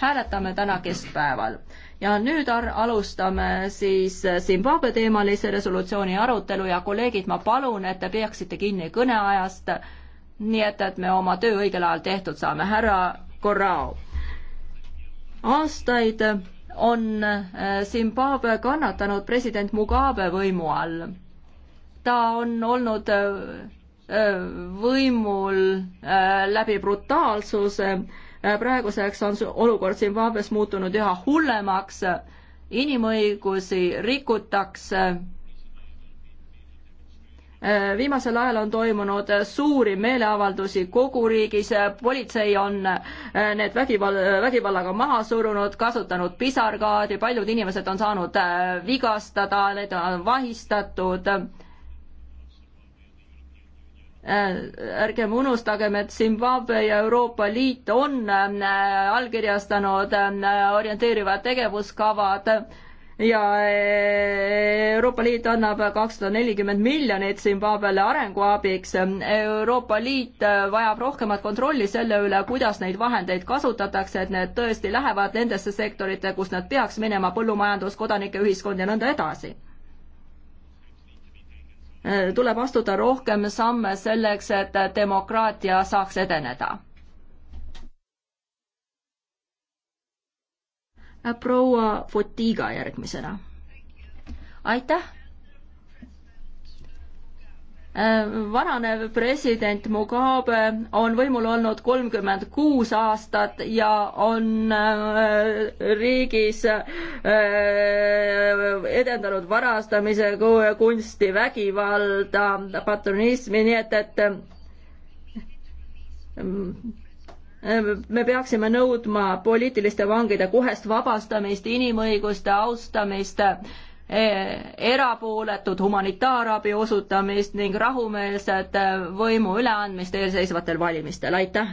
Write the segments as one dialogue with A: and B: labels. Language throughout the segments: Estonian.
A: hääletame täna keskpäeval ja nüüd alustame siis äh, Zimbabwe teemalise resolutsiooni arutelu ja kolleegid, ma palun, et te peaksite kinni kõneajast, nii et, et me oma töö õigel ajal tehtud saame. härra Corrao, aastaid on äh, Zimbabwe kannatanud president Mugabe võimu all. ta on olnud äh, võimul läbi brutaalsuse Äh, praeguseks on olukord Zimbabwe's muutunud üha hullemaks, inimõigusi rikutakse. Äh, viimasel ajal on toimunud suuri meeleavaldusi kogu riigis, politsei on äh, need vägivall, vägivallaga maha surunud, kasutanud pisargaadi, paljud inimesed on saanud vigastada, need on vahistatud Äh, ärgem unustagem, et Zimbabwe ja Euroopa Liit on äh, allkirjastanud äh, orienteerivad tegevuskavad ja Euroopa Liit annab kakssada nelikümmend miljonit Zimbabwele arenguabiks. Euroopa Liit vajab rohkemat kontrolli selle üle, kuidas neid vahendeid kasutatakse, et need tõesti lähevad nendesse sektorite, kus nad peaks minema, põllumajandus, kodanike ühiskond ja nõnda edasi tuleb astuda rohkem samme selleks, et demokraatia saaks edeneda. proua Fotiga järgmisena. aitäh Äh, varane president Mugabe on võimul olnud kolmkümmend kuus aastat ja on äh, riigis äh, edendanud varastamise kunsti, vägivalda, patronismi, nii et, et me peaksime nõudma poliitiliste vangide kohest vabastamist, inimõiguste austamist Eh, erapooletud humanitaarabi osutamist ning rahumeelset eh, võimu üleandmist eelseisvatel valimistel, aitäh!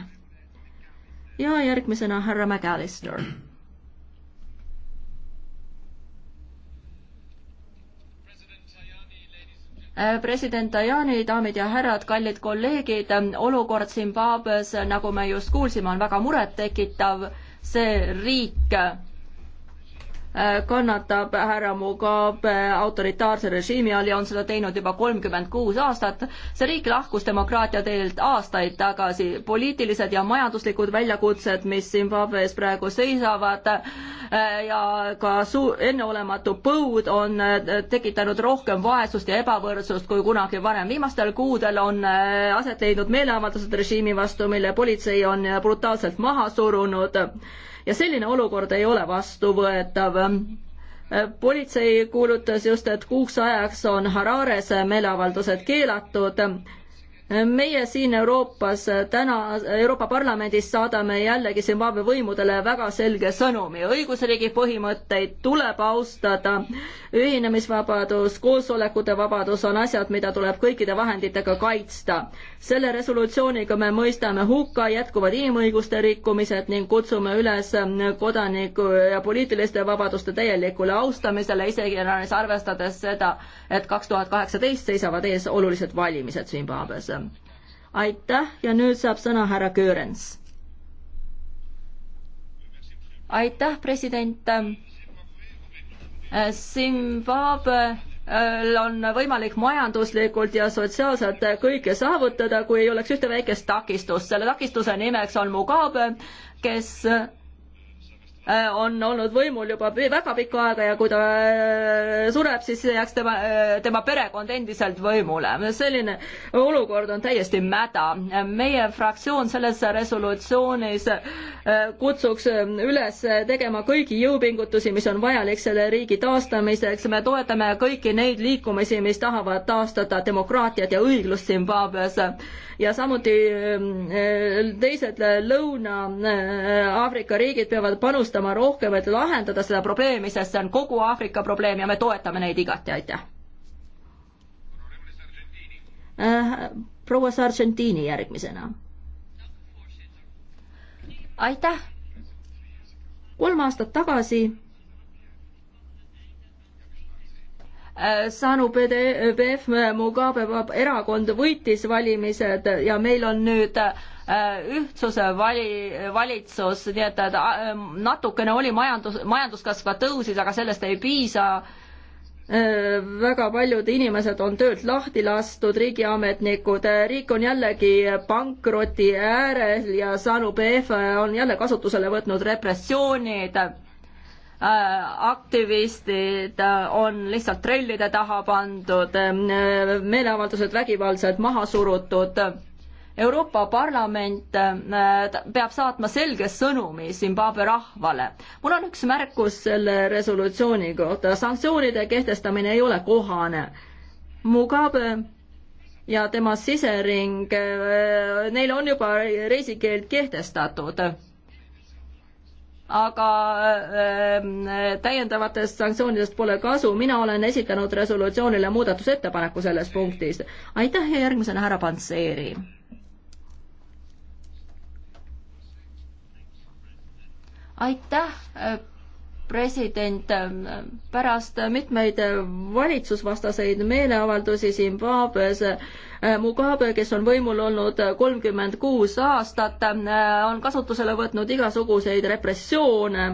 A: ja järgmisena härra McAllister. Eh, president Tajani, daamid ja härrad, kallid kolleegid, olukord Zimbabwe's, nagu me just kuulsime, on väga murettekitav, see riik kannatab härra Mugabe autoritaarse režiimi all ja on seda teinud juba kolmkümmend kuus aastat. see riik lahkus demokraatia teelt aastaid tagasi. poliitilised ja majanduslikud väljakutsed, mis Zimbabwe's praegu seisavad äh, ja ka suu-, enneolematu põud on äh, tekitanud rohkem vaesust ja ebavõrdsust kui kunagi varem. viimastel kuudel on äh, aset leidnud meeleavaldused režiimi vastu, mille politsei on brutaalselt maha surunud ja selline olukord ei ole vastuvõetav politsei kuulutas just, et kuuks ajaks on Harares meeleavaldused keelatud meie siin Euroopas täna, Euroopa Parlamendis saadame jällegi Zimbabwe võimudele väga selge sõnumi. õigusriigi põhimõtteid tuleb austada, ühinemisvabadus, koosolekute vabadus on asjad, mida tuleb kõikide vahenditega kaitsta. selle resolutsiooniga me mõistame hukka jätkuvad inimõiguste rikkumised ning kutsume üles kodaniku ja poliitiliste vabaduste täielikule austamisele, isegi arvestades seda, et kaks tuhat kaheksateist seisavad ees olulised valimised Zimbabwe's aitäh ja nüüd saab sõna härra Köörens. aitäh, president. Zimbabwe on võimalik majanduslikult ja sotsiaalselt kõike saavutada, kui ei oleks ühte väikest takistust. selle takistuse nimeks on Mugabe, kes Äh, on olnud võimul juba väga pikka aega ja kui ta äh, sureb, siis jääks tema, äh, tema perekond endiselt võimule. selline olukord on täiesti mäda. meie fraktsioon selles resolutsioonis kutsuks üles tegema kõigi jõupingutusi, mis on vajalik selle riigi taastamiseks. me toetame kõiki neid liikumisi, mis tahavad taastada demokraatiat ja õiglust Zimbabwe's ja samuti teised Lõuna-Aafrika riigid peavad panustama pingutama rohkem, et lahendada seda probleemi, sest see on kogu Aafrika probleem ja me toetame neid igati, aitäh. Äh, proua Sargentini järgmisena. aitäh. kolm aastat tagasi äh, Sanu PDF Mugabe erakond võitis valimised ja meil on nüüd äh, Äh, ühtsuse vali, valitsus, nii et, et äh, natukene oli majandus, majanduskasv ka tõusis, aga sellest ei piisa. Äh, väga paljud inimesed on töölt lahti lastud, riigiametnikud, riik on jällegi pankroti äärel ja Sanu BF on jälle kasutusele võtnud repressioonid aktivistid on lihtsalt trellide taha pandud, meeleavaldused vägivaldselt maha surutud Euroopa Parlament äh, peab saatma selge sõnumi Zimbabwe rahvale. mul on üks märkus selle resolutsiooni kohta, sanktsioonide kehtestamine ei ole kohane. Mugabe ja tema sisering, äh, neil on juba reisikeeld kehtestatud aga äh, täiendavatest sanktsioonidest pole kasu, mina olen esitanud resolutsioonile muudatusettepaneku selles punktis. aitäh ja järgmisena härra Pantseeri aitäh, äh, president, pärast mitmeid valitsusvastaseid meeleavaldusi Zimbabwe's äh, Mugabe, kes on võimul olnud kolmkümmend kuus aastat, äh, on kasutusele võtnud igasuguseid repressioone.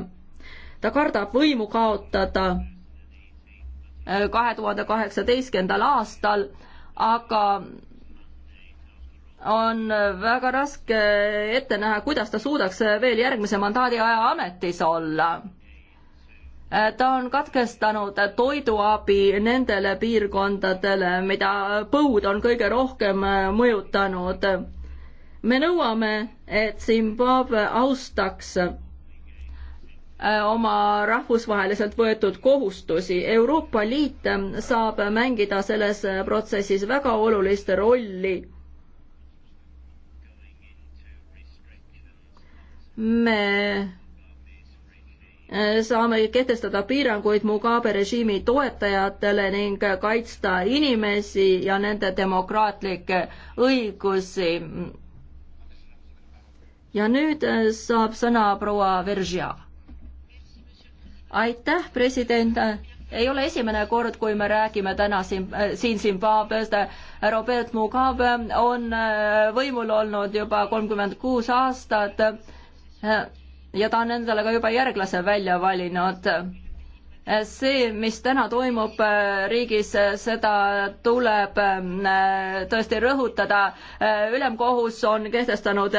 A: ta kardab võimu kaotada kahe tuhande kaheksateistkümnendal aastal, aga on väga raske ette näha, kuidas ta suudaks veel järgmise mandaadi aja ametis olla. ta on katkestanud toiduabi nendele piirkondadele, mida põud on kõige rohkem mõjutanud. me nõuame, et Zimbabwe austaks oma rahvusvaheliselt võetud kohustusi. Euroopa Liit saab mängida selles protsessis väga olulist rolli me äh, saame kehtestada piiranguid Mugabe režiimi toetajatele ning kaitsta inimesi ja nende demokraatlikke õigusi. ja nüüd äh, saab sõna proua Veržia. aitäh, president ei ole esimene kord, kui me räägime täna siin, äh, siin Zimbabwest. Robert Mugabe on võimul olnud juba kolmkümmend kuus aastat ja ta on endale ka juba järglase välja valinud. see, mis täna toimub äh, riigis, äh, seda tuleb äh, tõesti rõhutada. ülemkohus on kehtestanud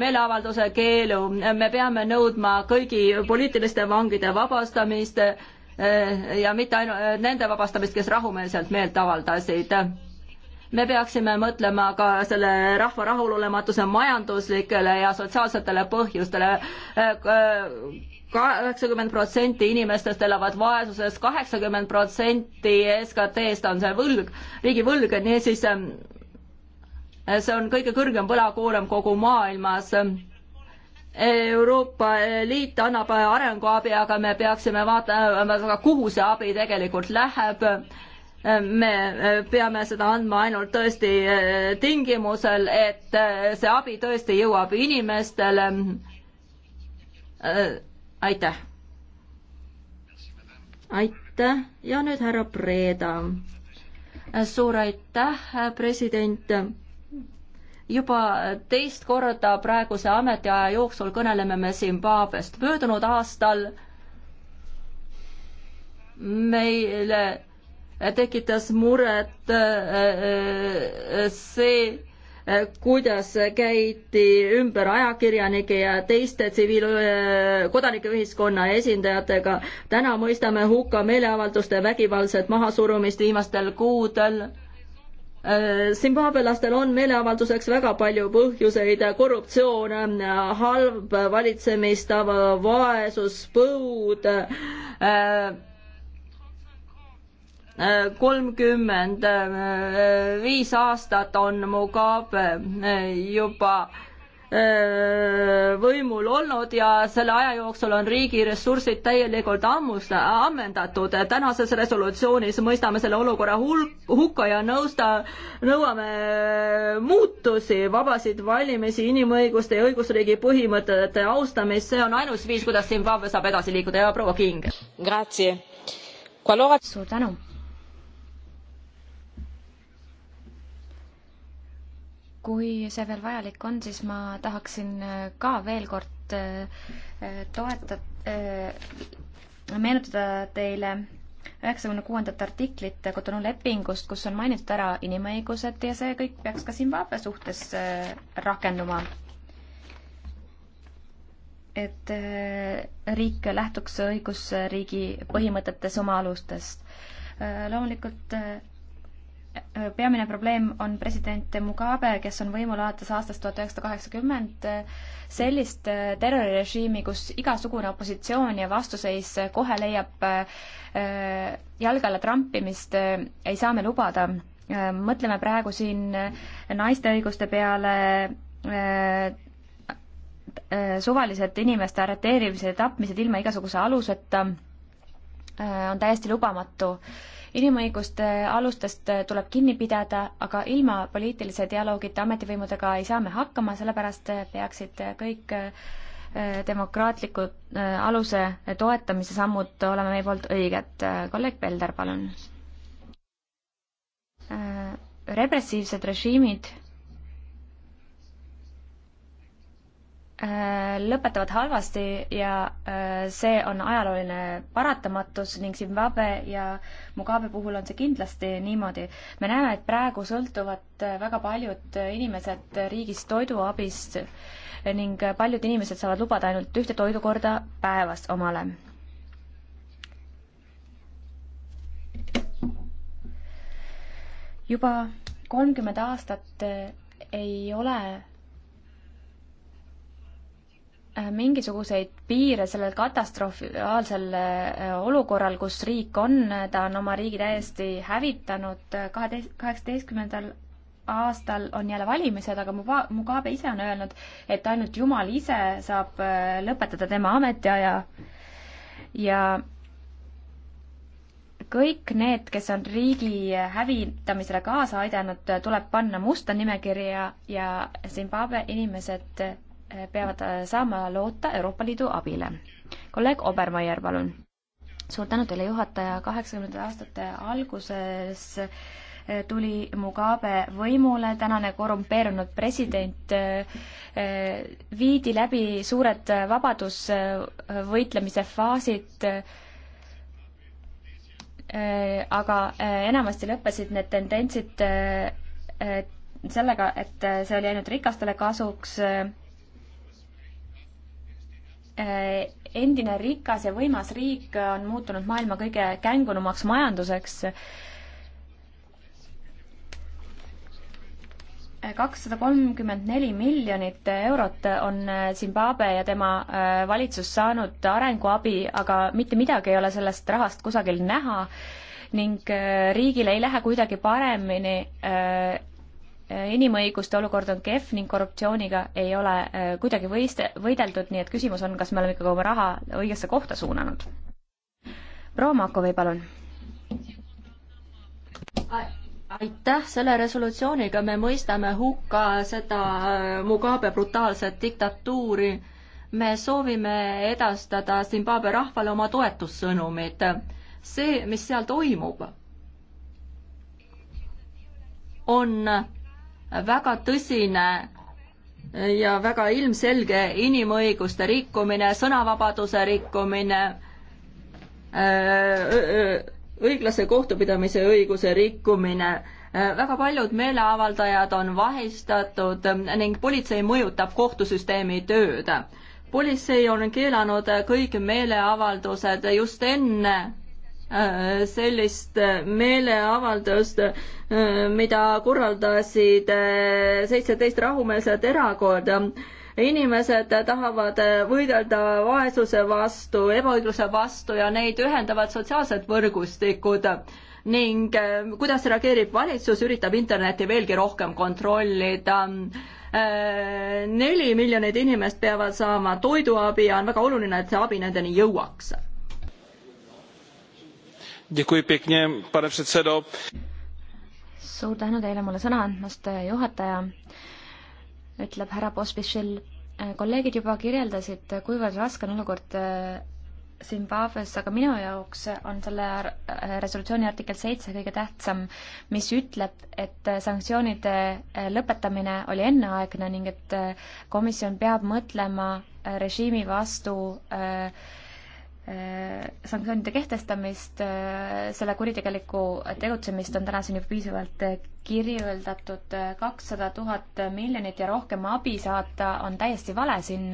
A: meeleavalduse keelu, me peame nõudma kõigi poliitiliste vangide vabastamist ja mitte ainult nende vabastamist, kes rahumeelselt meelt avaldasid me peaksime mõtlema ka selle rahva rahulolematuse majanduslikele ja sotsiaalsetele põhjustele. kaheksakümmend protsenti inimestest elavad vaesuses, kaheksakümmend protsenti SKT-st on see võlg, riigivõlg, niisiis ähm, see on kõige kõrgem võlakoorem kogu maailmas Euroopa Liit annab arenguabi, aga me peaksime vaatama, kuhu see abi tegelikult läheb me e, peame seda andma ainult tõesti e, tingimusel, et e, see abi tõesti jõuab inimestele. aitäh. aitäh ja nüüd härra Preeda. suur aitäh, president. juba teist korda praeguse ametiaja jooksul kõneleme me Zimbabwest. möödunud aastal meile tekitas muret äh, äh, see, äh, kuidas käidi ümber ajakirjanike ja teiste tsiviil-, kodanikeühiskonna esindajatega. täna mõistame hukka meeleavalduste vägivaldset mahasurumist viimastel kuudel Zimbabwelastel on meeleavalduseks väga palju põhjuseid, korruptsioon, halb valitsemistava, vaesus, põud äh,, kolmkümmend viis aastat on Mugabe eh, juba eh, võimul olnud ja selle aja jooksul on riigi ressursid täielikult ammus, ammendatud. tänases resolutsioonis mõistame selle olukorra hulk, hukka ja nõusta, nõuame eh, muutusi, vabasid valimisi, inimõiguste ja õigusriigi põhimõtete austamist, see on ainus viis, kuidas Zimbabwe saab edasi liikuda ja proua King. suur tänu kui
B: see veel vajalik on, siis ma tahaksin äh, ka veel kord äh, äh, toetada, meenutada teile üheksakümne kuuendat artiklit Cotonou lepingust, kus on mainitud ära inimõigused ja see kõik peaks ka Zimbabwe suhtes rakenduma. et riik lähtuks õigusriigi põhimõtetes oma alustest. loomulikult peamine probleem on president Mugabe, kes on võimul alates aastast tuhat üheksasada kaheksakümmend, sellist äh, terrorirežiimi, kus igasugune opositsioon ja vastuseis äh, kohe leiab äh, jalge alla trampimist, ei saa me lubada. mõtleme praegu siin naiste õiguste peale, suvalised inimeste arreteerimised ja tapmised ilma igasuguse aluseta on täiesti lubamatu inimõiguste alustest tuleb kinni pidada, aga ilma poliitilise dialoogita ametivõimudega ei saa me hakkama, sellepärast peaksid kõik äh, demokraatliku äh, aluse toetamise sammud olema meie poolt õiged. kolleeg Pelder, palun. Äh, repressiivsed režiimid Äh, lõpetavad halvasti ja äh, see on ajalooline paratamatus ning Zimbabwe ja Mugabe puhul on see kindlasti niimoodi. me näeme, et praegu sõltuvad äh, väga paljud inimesed riigist toiduabist ning paljud inimesed saavad lubada ainult ühte toidukorda päevas omale. juba kolmkümmend aastat ei ole Äh, mingisuguseid piire sellel katastrofaalsel äh, olukorral, kus riik on, äh, ta on oma riigi täiesti hävitanud, kaheteist, kaheksateistkümnendal aastal on jälle valimised, aga Muba-, Mugabe ise on öelnud, et ainult Jumal ise saab lõpetada tema ametiaja ja kõik need, kes on riigi hävitamisele kaasa aidanud, tuleb panna musta nimekirja ja Zimbabwe inimesed peavad äh, saama loota Euroopa Liidu abile. kolleeg Obermeier, palun. suur tänu teile, juhataja, kaheksakümnendate aastate alguses äh, tuli Mugabe võimule, tänane korrumpeerunud president, äh, viidi läbi suured vabadusvõitlemise faasid, aga enamasti lõppesid need tendentsid sellega, et see oli ainult rikastele kasuks Äh, endine rikas ja võimas riik on muutunud maailma kõige kängunumaks majanduseks. Äh, kakssada kolmkümmend neli miljonit eurot on äh, Zimbabwe ja tema valitsus saanud arenguabi, aga mitte midagi ei ole sellest rahast kusagil näha ning riigil ei lähe kuidagi paremini Äh, inimõiguste olukord on kehv ning korruptsiooniga ei ole äh, kuidagi võiste, võideldud, nii et küsimus on, kas me oleme ikkagi oma raha õigesse kohta suunanud. proua Makovi, palun
A: aitäh, selle resolutsiooniga me mõistame hukka seda äh, Mugabe brutaalset diktatuuri. me soovime edastada Zimbabwe rahvale oma toetussõnumid. see, mis seal toimub, on väga tõsine ja väga ilmselge inimõiguste rikkumine, sõnavabaduse rikkumine, õiglase kohtupidamise õiguse rikkumine. väga paljud meeleavaldajad on vahistatud ning politsei mõjutab kohtusüsteemi tööd. politsei on keelanud kõik meeleavaldused just enne Äh, sellist äh, meeleavaldust, äh, mida korraldasid seitseteist rahumeelset erakorda. inimesed tahavad võidelda vaesuse vastu, ebaõigluse vastu ja neid ühendavad sotsiaalsed võrgustikud ning kuidas reageerib valitsus, üritab Internetti veelgi rohkem kontrollida. neli miljonit inimest peavad saama toiduabi ja on väga oluline, et see abi nendeni jõuaks pane předsedající
B: suur tänu teile mulle sõna andmast juhataja ütleb härra pospíšil kolleegid juba kirjeldasid kuivõrd raske on olukord eh, Zimbabwes, aga minu jaoks on selle resolutsiooni artikkel seitse kõige tähtsam, mis ütleb, et sanktsioonide eh, lõpetamine oli enneaegne ning et eh, komisjon peab mõtlema režiimi vastu äh, Äh, sanktsioonide kehtestamist, äh, selle kuritegelikku tegutsemist on tänaseni piisavalt äh, kirjeldatud, kakssada tuhat miljonit ja rohkem abi saata on täiesti vale siin.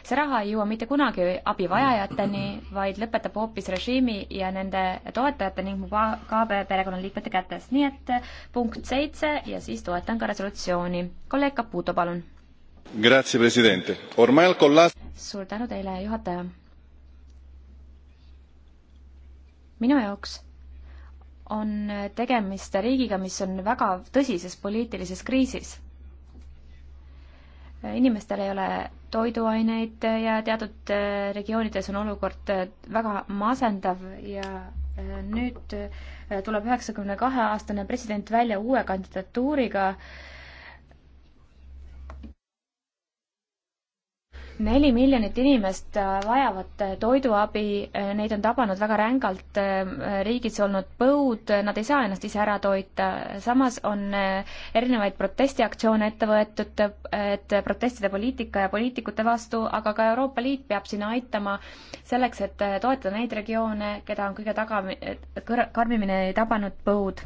B: see raha ei jõua mitte kunagi abivajajateni, vaid lõpetab hoopis režiimi ja nende toetajate ning Mugabe perekonnaliikmete kätes. nii et punkt seitse ja siis toetan ka resolutsiooni. kolleeg Caputo, palun. suur tänu teile, juhataja minu jaoks on tegemist riigiga, mis on väga tõsises poliitilises kriisis. inimestel ei ole toiduaineid ja teatud äh, regioonides on olukord äh, väga masendav ja äh, nüüd tuleb üheksakümne kahe aastane president välja uue kandidatuuriga äh, neli miljonit inimest äh, vajavad äh, toiduabi, äh, neid on tabanud väga rängalt riigis olnud põud, nad ei saa ennast ise ära toita, samas on erinevaid protestiaktsioone ette võetud, et protestida poliitika ja poliitikute vastu, aga ka Euroopa Liit peab siin aitama selleks, et toetada neid regioone, keda on kõige taga, karmimini tabanud põud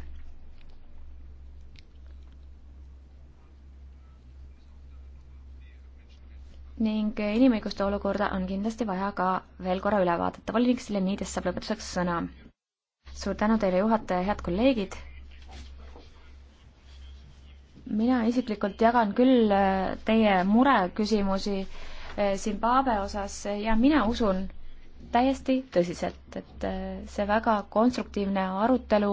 B: ning inimõiguste olukorda on kindlasti vaja ka veel korra üle vaadata. volinik Selenides saab lõpetuseks sõna. suur tänu teile, juhataja, head kolleegid. mina isiklikult jagan küll äh, teie mureküsimusi äh, Zimbabwe osas ja mina usun täiesti tõsiselt, et äh, see väga konstruktiivne arutelu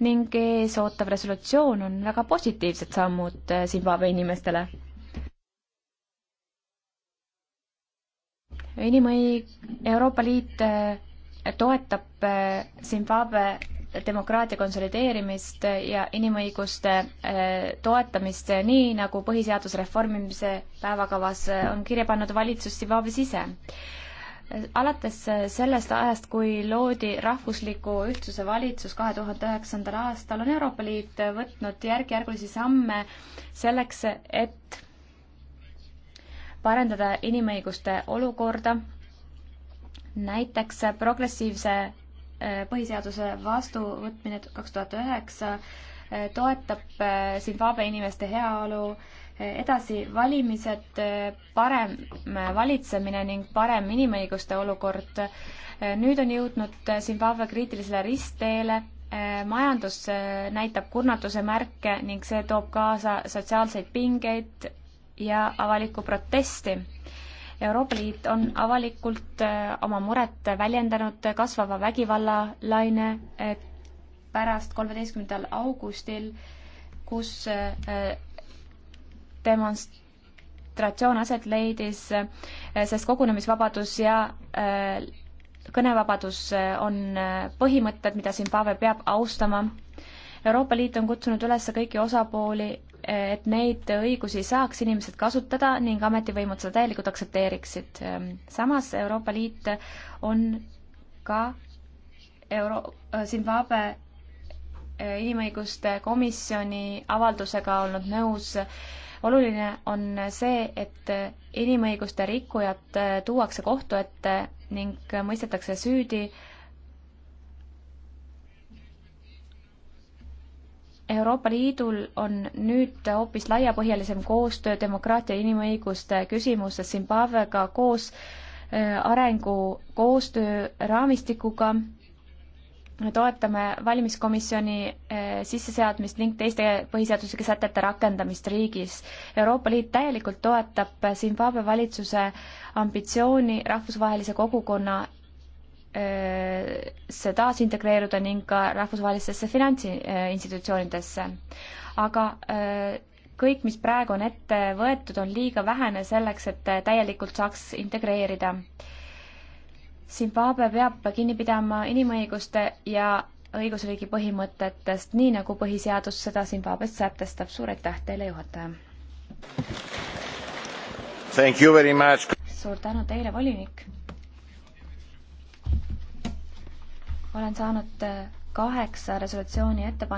B: ning ees ootav resolutsioon on väga positiivsed sammud Zimbabwe inimestele inimõi-, Euroopa Liit eh, toetab eh, Zimbabwe demokraatia konsolideerimist ja inimõiguste eh, toetamist, nii nagu põhiseaduse reformimise päevakavas on kirja pannud valitsus Zimbabwe's ise. alates sellest ajast, kui loodi rahvusliku ühtsuse valitsus kahe tuhande üheksandal aastal, on Euroopa Liit võtnud järk-järgulisi samme selleks, et parendada inimõiguste olukorda, näiteks progressiivse äh, põhiseaduse vastuvõtmine kaks tuhat üheksa äh, toetab äh, Zimbabwe inimeste heaolu, edasi valimised, parem valitsemine ning parem inimõiguste olukord. nüüd on jõudnud Zimbabwe kriitilisele ristteele, majandus näitab kurnatuse märke ning see toob kaasa sotsiaalseid pingeid ja avalikku protesti. Euroopa Liit on avalikult äh, oma muret väljendanud kasvava vägivallalaine äh, pärast kolmeteistkümnendal augustil, kus äh, demonstratsioon aset leidis, sest kogunemisvabadus ja kõnevabadus on põhimõtted, mida Zimbabwe peab austama. Euroopa Liit on kutsunud üles kõiki osapooli et neid õigusi saaks inimesed kasutada ning ametivõimud seda täielikult aktsepteeriksid. Ähm, samas Euroopa Liit on ka Euro-, äh, Zimbabwe äh, inimõiguste komisjoni avaldusega olnud nõus. oluline on see, et äh, inimõiguste rikkujad tuuakse kohtu ette ning mõistetakse süüdi äh, Euroopa Liidul on nüüd hoopis laiapõhjalisem koostöö demokraatia ja inimõiguste küsimuses Zimbabwega koos äh, arengukoostöö raamistikuga. toetame valimiskomisjoni äh, sisseseadmist ning teiste põhiseaduslike sätete rakendamist riigis. Euroopa Liit täielikult toetab Zimbabwe valitsuse ambitsiooni rahvusvahelise kogukonna Äh, see taasintegreeruda ning ka rahvusvahelistesse finantsinstitutsioonidesse. aga äh, kõik, mis praegu on ette võetud, on liiga vähene selleks, et äh, täielikult saaks integreerida. Zimbabwe peab kinni pidama inimõiguste ja õigusriigi põhimõtetest, nii nagu põhiseadus seda Zimbabwes sätestab. suur aitäh teile, juhataja! suur tänu teile, volinik! olen saanud äh, kaheksa resolutsiooni ettepanekut